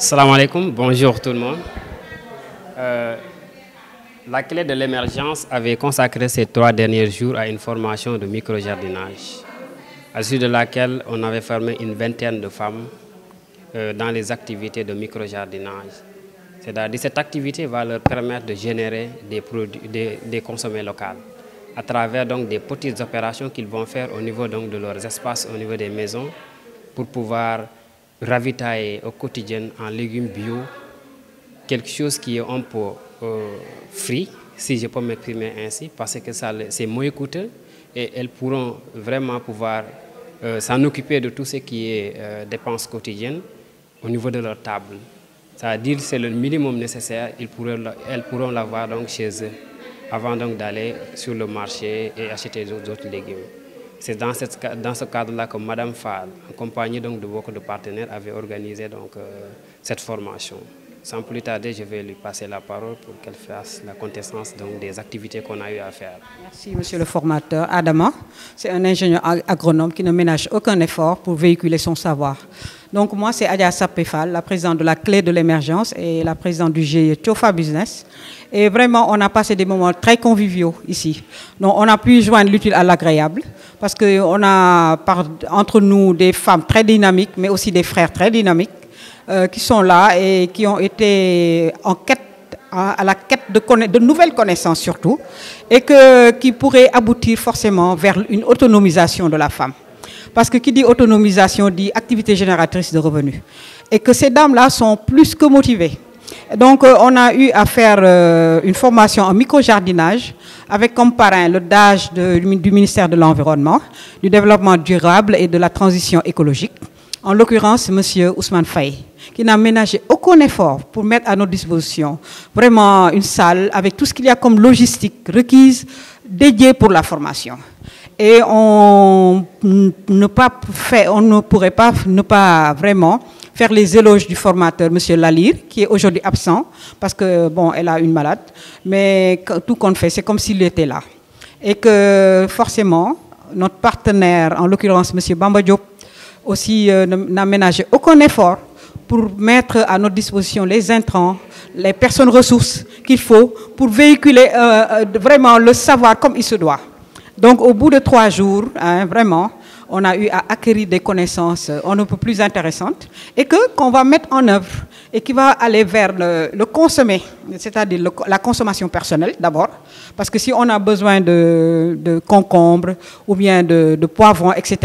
Salam alaikum, bonjour tout le monde. Euh, la clé de l'émergence avait consacré ces trois derniers jours à une formation de micro-jardinage, à suite de laquelle on avait formé une vingtaine de femmes euh, dans les activités de micro-jardinage. C'est-à-dire cette activité va leur permettre de générer des, produits, des, des consommés locaux à travers donc des petites opérations qu'ils vont faire au niveau donc de leurs espaces, au niveau des maisons, pour pouvoir ravitailler au quotidien en légumes bio, quelque chose qui est un peu euh, free, si je peux m'exprimer ainsi, parce que c'est moins coûteux et elles pourront vraiment pouvoir euh, s'en occuper de tout ce qui est euh, dépenses quotidiennes au niveau de leur table. C'est-à-dire c'est le minimum nécessaire, elles pourront l'avoir chez eux avant d'aller sur le marché et acheter d'autres légumes. C'est dans, ce cadre-là que Madame Fall, accompagnée donc de beaucoup de partenaires, avait organisé donc, euh, cette formation. Sans plus tarder, je vais lui passer la parole pour qu'elle fasse la contestance donc, des activités qu'on a eu à faire. Merci, monsieur le formateur. Adama, c'est un ingénieur agronome qui ne ménage aucun effort pour véhiculer son savoir. Donc, moi, c'est Adia Sapefal, la présidente de la Clé de l'émergence et la présidente du GIE Tiofa Business. Et vraiment, on a passé des moments très conviviaux ici. Donc, on a pu joindre l'utile à l'agréable parce qu'on a entre nous des femmes très dynamiques, mais aussi des frères très dynamiques euh, qui sont là et qui ont été en quête à la quête de, nouvelles connaissances surtout, et que, qui pourraient aboutir forcément vers une autonomisation de la femme. Parce que qui dit autonomisation dit activité génératrice de revenus. Et que ces dames-là sont plus que motivées. Donc, euh, on a eu à faire euh, une formation en micro-jardinage avec comme parrain le DAG du ministère de l'Environnement, du Développement durable et de la transition écologique en l'occurrence M. Ousmane Faye, qui n'a ménagé aucun effort pour mettre à notre disposition vraiment une salle avec tout ce qu'il y a comme logistique requise dédiée pour la formation. Et on ne, pas fait, on ne pourrait pas ne pas vraiment faire les éloges du formateur, M. Lalire, qui est aujourd'hui absent, parce que, bon, elle a une malade, mais tout qu'on fait, c'est comme s'il était là. Et que, forcément, notre partenaire, en l'occurrence M. Bamba Diop, aussi euh, n'aménager aucun effort pour mettre à notre disposition les intrants, les personnes ressources qu'il faut pour véhiculer euh, euh, vraiment le savoir comme il se doit. Donc au bout de trois jours, hein, vraiment, on a eu à acquérir des connaissances euh, on ne peut plus intéressantes et qu'on va mettre en œuvre et qui va aller vers le, consommer, c'est-à-dire la consommation personnelle d'abord, parce que si on a besoin de, de concombres ou bien de, de poivrons, etc.,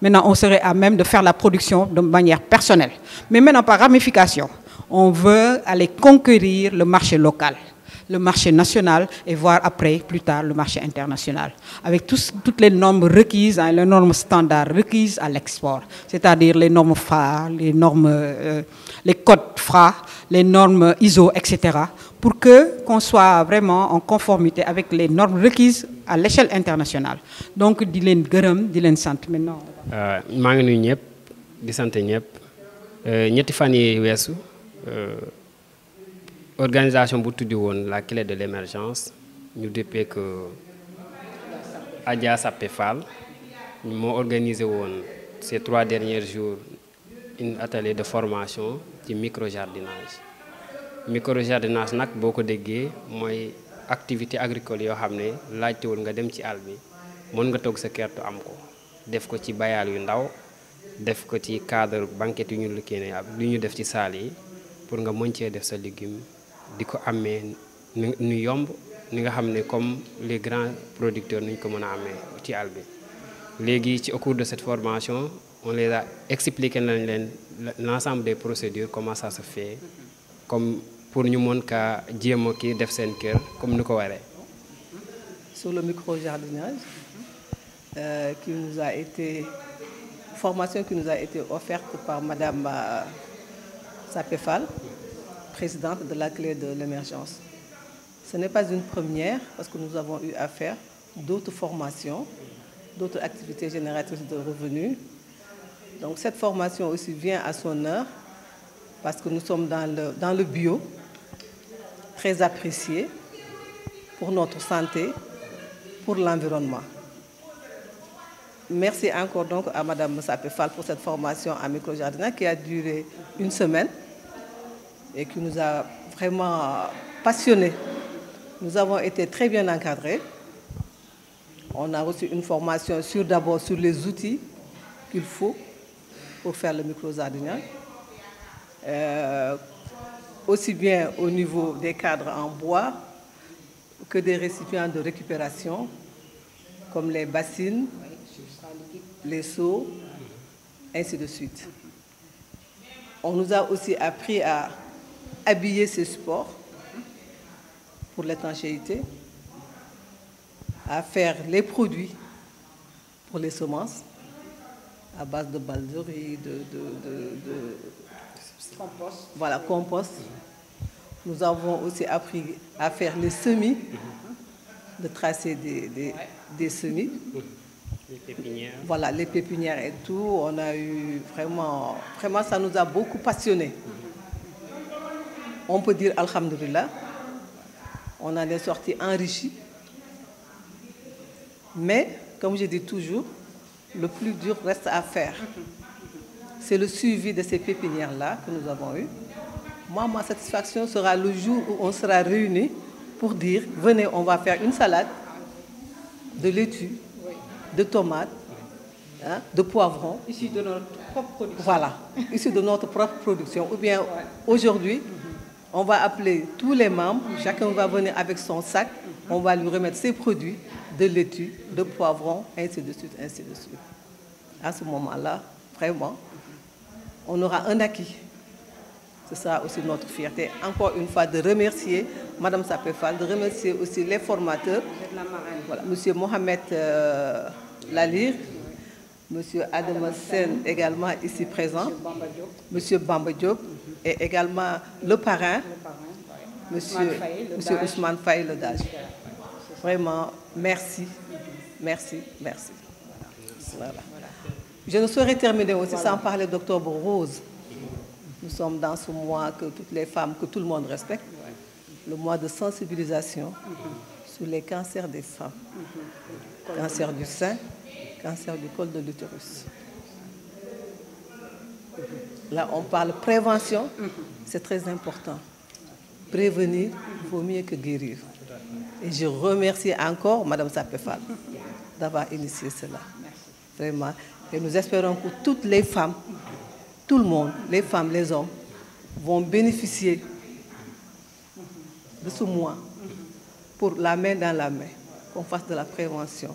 maintenant on serait à même de faire la production de manière personnelle. Mais maintenant par ramification, on veut aller conquérir le marché local le marché national et voir après, plus tard, le marché international. Avec toutes les normes requises, hein, les normes standards requises à l'export, c'est-à-dire les normes phares les normes, euh, les codes FRA, les normes ISO, etc., pour que qu'on soit vraiment en conformité avec les normes requises à l'échelle internationale. Donc, Dylan Gurum, Dylan sant maintenant organisation bu tuddi won la clé de l'émergence ñu déppee que Adja Sappé Fall mo organisé won ces trois derniers jours une atelier de formation ci jardinage micro jardinage nak boko déggé moy activité agricole yoo xam ne laajtewul nga dem ci àll bi mën nga tok sa kertu am ko def ko ci bayal yu ndaw def ko ci cadre banquette yu ñu liggéey ab lu ñu def ci salle yi pour nga mën ci def sa légumes nous sommes comme les grands producteurs nuñ ko mëna a ci au cours de cette formation on les a expliqué l'ensemble des procédures comment ça se fait comme pour nous mën ka que def comme nous ko sur le micro jardinage euh, qui nous a été formation qui nous a été offerte par Madame euh, Sapefal, présidente de la clé de l'émergence. Ce n'est pas une première parce que nous avons eu à d'autres formations, d'autres activités génératrices de revenus. Donc cette formation aussi vient à son heure parce que nous sommes dans le, bio, très apprécié pour notre santé, pour l'environnement. Merci encore donc à Madame Sapéfal pour cette formation à microjardinage qui a duré une semaine et qui nous a vraiment passionnés. Nous avons été très bien encadrés. On a reçu une formation sur d'abord sur les outils qu'il faut pour faire le micro zardinien euh, aussi bien au niveau des cadres en bois que des récipients de récupération, comme les bassines, les seaux, ainsi de suite. On nous a aussi appris à habiller ces sports pour l'étanchéité, à faire les produits pour les semences à base de balderie, de, compost. Voilà, compost. Nous avons aussi appris à faire les semis, de tracer des, semis. Les pépinières. Voilà, les pépinières et tout. On a eu vraiment, vraiment, ça nous a beaucoup passionnés. Mm-hmm on peut dire Alhamdulillah, on en est sorti enrichi. Mais, comme je dis toujours, le plus dur reste à faire. C'est le suivi de ces pépinières-là que nous avons eues. Moi, ma satisfaction sera le jour où on sera réunis pour dire, venez, on va faire une salade de laitue, de tomates, hein, de poivrons. Ici, de notre propre production. Voilà, issu de notre propre production. Ou bien, aujourd'hui, on va appeler tous les membres, chacun va venir avec son sac, on va lui remettre ses produits, de laitue, de poivron, ainsi de suite, ainsi de suite. À ce moment-là, vraiment, on aura un acquis. Ce sera aussi notre fierté. Encore une fois, de remercier Madame Sapéfal. de remercier aussi les formateurs. M. Mohamed euh, Lalire, Monsieur Adam Sen, également ici présent, Monsieur Bamba mhm. et également le parrain, Monsieur, Ousmane Faye Vraiment, merci, merci, merci. Je ne saurais terminer aussi sans parler d'Octobre Rose. Nous sommes dans ce mois que toutes les femmes, que tout le monde respecte, le mois de sensibilisation mhm. sur les cancers des femmes, mhm. cancer du sein, cancer du col de l'utérus. Là, on parle prévention, c'est très important. Prévenir vaut mieux que guérir. Et je remercie encore Madame Sapefal d'avoir initié cela. Vraiment. Et nous espérons que toutes les femmes, tout le monde, les femmes, les hommes, vont bénéficier de ce mois pour la main dans la main, qu'on fasse de la prévention.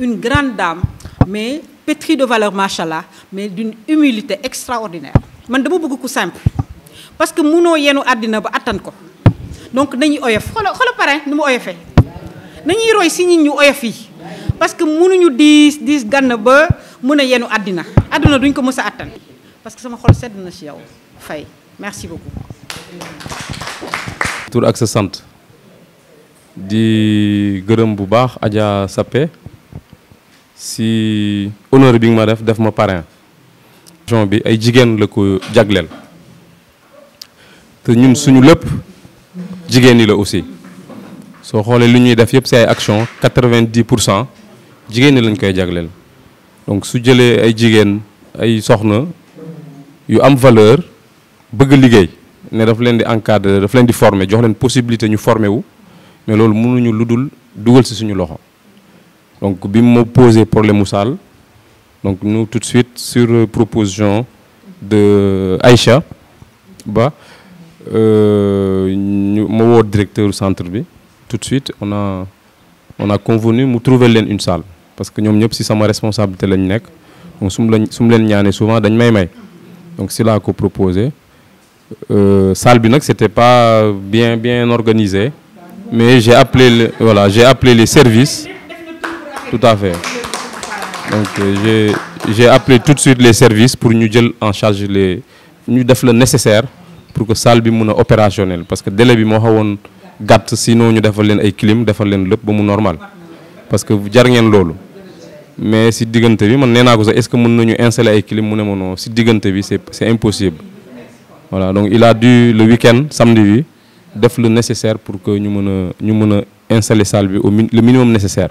une grande dame, mais pétrie de valeur, machallah, mais d'une humilité extraordinaire. Man dama bëgg ku simple parce que mënoo yenu adina ba attan ko donc nañuy oyof xolo xolo parent ni mu oyofee nañuy roy si nit ñu parce que mënuñu diis diis gànn ba mën a adina. Adina. àdduna duñ ko mës a attan parce que sama xol sedd na yow fay merci beaucoup. Tour accessante sa sant di gërëm bu baax Adja si honneur bi ma def def ma parrain jon bi ay jigen la ko jagleel te ñun suñu lepp jigen ñi la aussi so xolé li ñuy def yëpp si ay action 90% jigen dix lañ koy jaglel donc su jëlee ay jigen ay soxna yu am valeur bëgg liggéey ne daf leen di encadrer daf leen di former jox leen possibilité ñu former wu mais loolu mënuñu lu dul dugal ci suñu loxo donc me suis posé problème les salle donc nous tout de suite sur proposition de Aïcha Ba euh, directeur du directeur centre tout de suite on a on a convenu de trouver une salle parce que nous, sommes si ma responsabilité lañ Nous donc souvent dañ may may donc là qu'on a proposé euh, salle n'était pas bien bien organisé mais j'ai appelé voilà j'ai appelé les services tout à fait donc euh, j'ai appelé tout de suite les services pour nous jël en charge les nous def le nécessaire pour que salle bi opérationnelle. opérationnel parce que délai bi moo on gâte sinon nous devons leen ay clim defal leen lépp normal parce que jar de loolu mais si diggante bi man nee est-ce que mën nañu installer ay clim si diggante bi c'est impossible voilà donc il a dû le week-end samedi bi def le nécessaire pour que nous puissions a ñu installer salle au le minimum nécessaire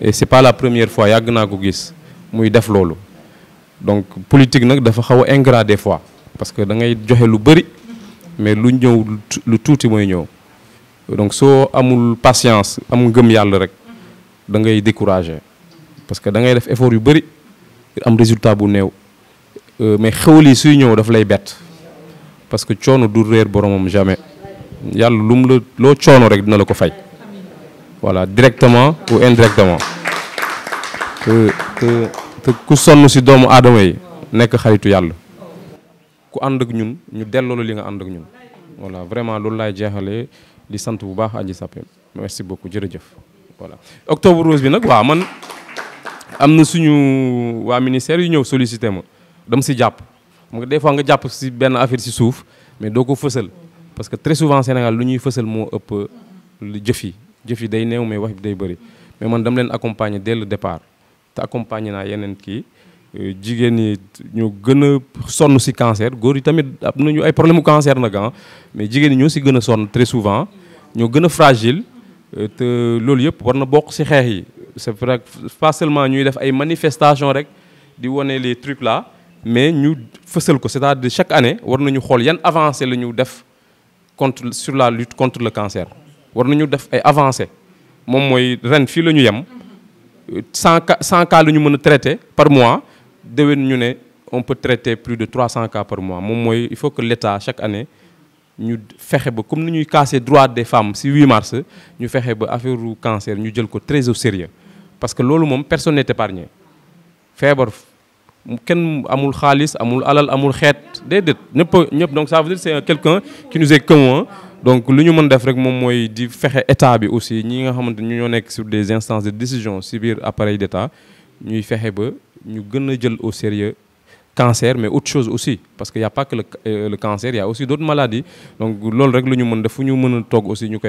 et c'est pas la première fois yàgg naa ko gis muy def lolu donc politique nak dafa xaw a ingrat des fois parce que da ngay joxe lu bëri mais lu ñew lu touti moy ñew donc so amul patience am ngëm yalla rek da ngay décourager parce que da ngay def effort yu bëri am résultat bu new euh, mais xewli yi suy ñëw daf lay bett parce que choono du réer boromam jamais yalla lu lo choono rek dina la ko fay voilà directement ou indirectement que que ku sonn si doomu aadama yi nekk xaritu yàlla ku ànd ak ñun ñu delloo li nga ànd ak ñun voilà vraiment loolu laay jeexalee di sant bu baax Adji Sapé merci beaucoup jërëjëf voilà octobre rose bi nag waaw man am na suñu waa ministère yu ñëw sollicité ma dama si jàpp xam nga des fois nga jàpp si benn affaire si suuf mais doo ko fësal parce que très souvent Sénégal lu ñuy fësal moo ëpp jëf yi je yi day néew mais wax day bëri mais man dam len accompagner dès le départ ta accompagner na yenen ki euh, jigéen ñi ñu gën sonu ci cancer góor yi tamit am nañu ay problème cancer nag ah mais jigéen ñi ñoo si gën a très souvent ñu gën fragile euh, te loolu yëpp war na bokk yi c'est vrai pas seulement ñuy def ay manifestation rek di woné les trucs là mais ñu fësal ko c'est-à-dire chaque année war nañu xol yan avancer lañu def contre sur la lutte contre le cancer war def ay avancé mom moy cas cas par mois dewen ñu on peut traiter plus de 300 cas par mois il faut que l'État chaque année nous fexé ba comme nous ñuy casser droits des femmes si 8 mars nous fexé ba affaire cancer ñu jël ko très au sérieux parce que personne n'est épargné Ken amul khalis, amul alal amul Dedet. donc ça veut dire c'est quelqu'un qui nous est commun hein. donc nous qu'on mën def rek de faire di aussi Nous sommes sur des instances de décision sur l'appareil appareil d'état Nous faisons ba ñu prenons au sérieux cancer mais autre chose aussi parce qu'il n'y a pas que le, cancer, euh, le cancer y a aussi d'autres maladies donc c'est ce qu'on ñu mën Nous pouvons aussi nous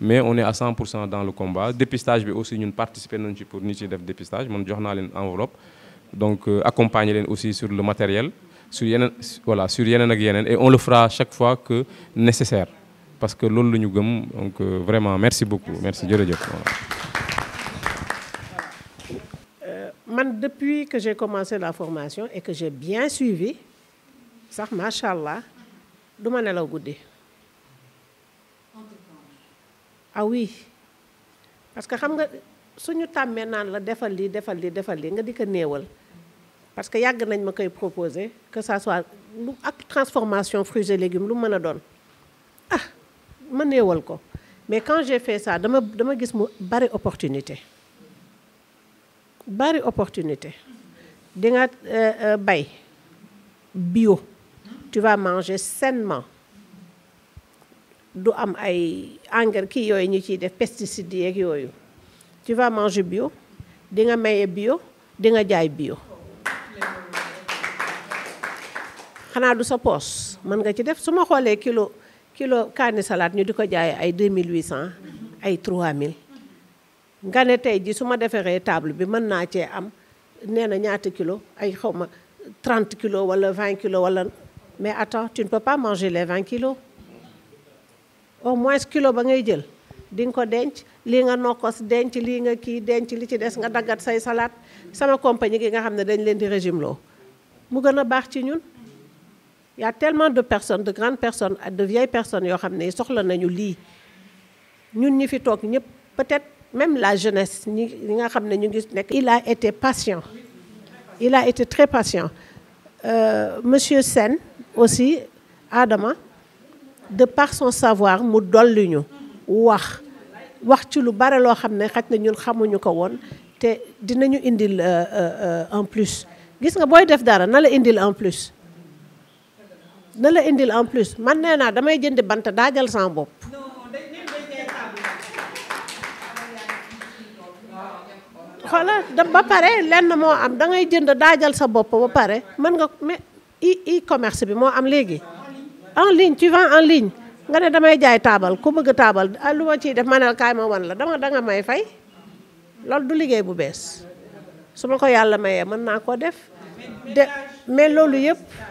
mais on est à 100 dans le combat dépistage aussi nous participer pour le dépistage mon journal est Europe donc euh, accompagner les aussi sur le matériel sur yenen, voilà sur yenen ak yenen, et on le fera chaque fois que nécessaire parce que lolu la ñu gëm donc euh, vraiment merci beaucoup merci jërëjëf euh, man depuis que j'ai commencé la formation et que j'ai bien suivi ça machallah, je du ma nelaw guddi ah oui parce que xam nga suñu tàmmee nous la defal lii defal lii defal lii nga di parce que yàgg nañ ma koy proposer que ça soit lu transformation fruits et légumes lu me a Ah, ah ma sais ko mais quand j'ai fait ça dama dama que mu bari opportunité Une opportunité di nga euh, euh, bio tu vas manger sainement du am ay pesticides tu vas manger bio tu vas manger bio tu vas manger bio xanaa du sa poos mën nga ci def su ma xoolee kilo kilo kaani salade ñu di ko jaay ay 2800 ay 3000 nga ne tey ji su ma deferee table bi mën naa cee am nee na ñaata kilo ay xaw ma 30 kilo wala 20 kilo wala mais attends tu ne peux pas manger les 20 kilos au moins kilo ba ngay jël di nga ko denc lii nga nokkos denc lii nga kii denc li ci des nga daggat say salade sama compagnie gi nga xam ne dañ leen di régime loo mu gën a baax ci ñun il y a tellement de personnes de grandes personnes de vieilles personnes qui ont le soxla peut-être même la jeunesse il a été patient il a été très patient euh, monsieur Sen, aussi Adama de par son savoir mu dit wax wax ci lu bare ne na ñun xamuñu a indil en euh, euh, plus gis nga boy def dara indil en plus. na la indil en plus man nee naa damay jëndi bant daajal sama bopp. xoolal da ba pare lenn moo am dangay jënd daajal sa bopp ba pare mën nga mais i commerce bi moo am léegi en ligne ci vends en ligne nga ne damay jaay taabal ku bëgg taabal ah, lu ma ciy def ma ne kaay ma wan la dama danga may fay loolu du liggéey bu bees su ma ko yàlla mayee mën naa koo def de mais loolu yëpp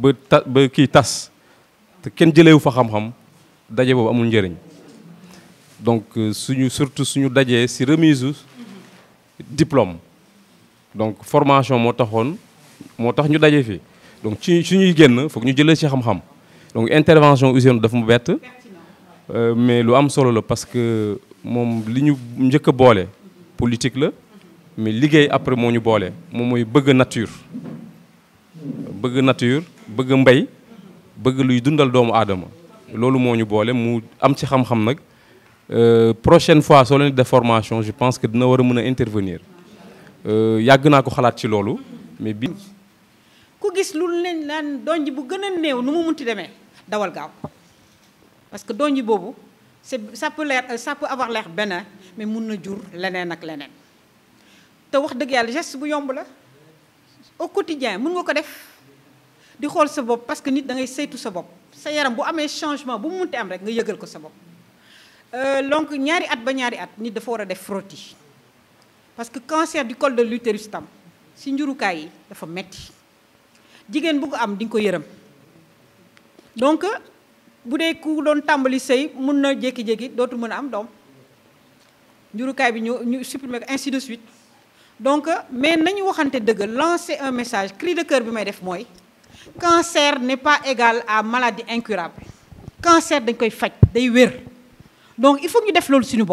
ba ta ba kii tas te kenn jëlewu fa xam-xam daje boobu amul njëriñ donc euh, suñu surtout suñu dajee si remise diplôme donc formation moo taxoon moo tax ñu daje fi donc ci suñuy génn foog ñu jëlee ci xam-xam donc intervention usine daf mu bett euh, mais lu am solo la parce que moom li ñu njëkk a boole politique la mais liggéey après moo ñu boole moom mooy bëgg nature bëgg nature bëgg mbay bëgg luy dundal doomu aadama loolu moo ñu boole mu am ci xam-xam nag euh, prochaine fois soo leen def formation je pense que dina war a mën a intervenir euh, yàgg naa ko xalaat ci loolu mais bi ku gis lu leen daan donj bu gën a néew nu mu munti demee dawal gaaw parce que donj boobu c'est ça peut l'air euh, ça peut avoir l'air benn mais mun na jur leneen ak leneen te wax dëgg yàlla geste bu yomb la au quotidien mun nga ko def di xol sa bopp parce que nit da ngay saytu sa bopp sa yaram bu amé changement bu mu am rek nga yëgal ko sa euh donc ñaari at ba ñaari at nit da war wara def frottis parce que cancer du col de l'utérus tam si njurukaay yi fa metti jigen bu ko am ding ko yërëm donc bu dee ku doon tàmbali sey, mun na jékki-jékki dotu mën a am doom njurukaay bi ñu ñu supprimer ainsi de suite donc mais nañu waxante deug lancer un message cri de cœur bi may def moy cancer n'est pas égal à maladie incurable cancer est fait, il day donc il faut nous nous ce le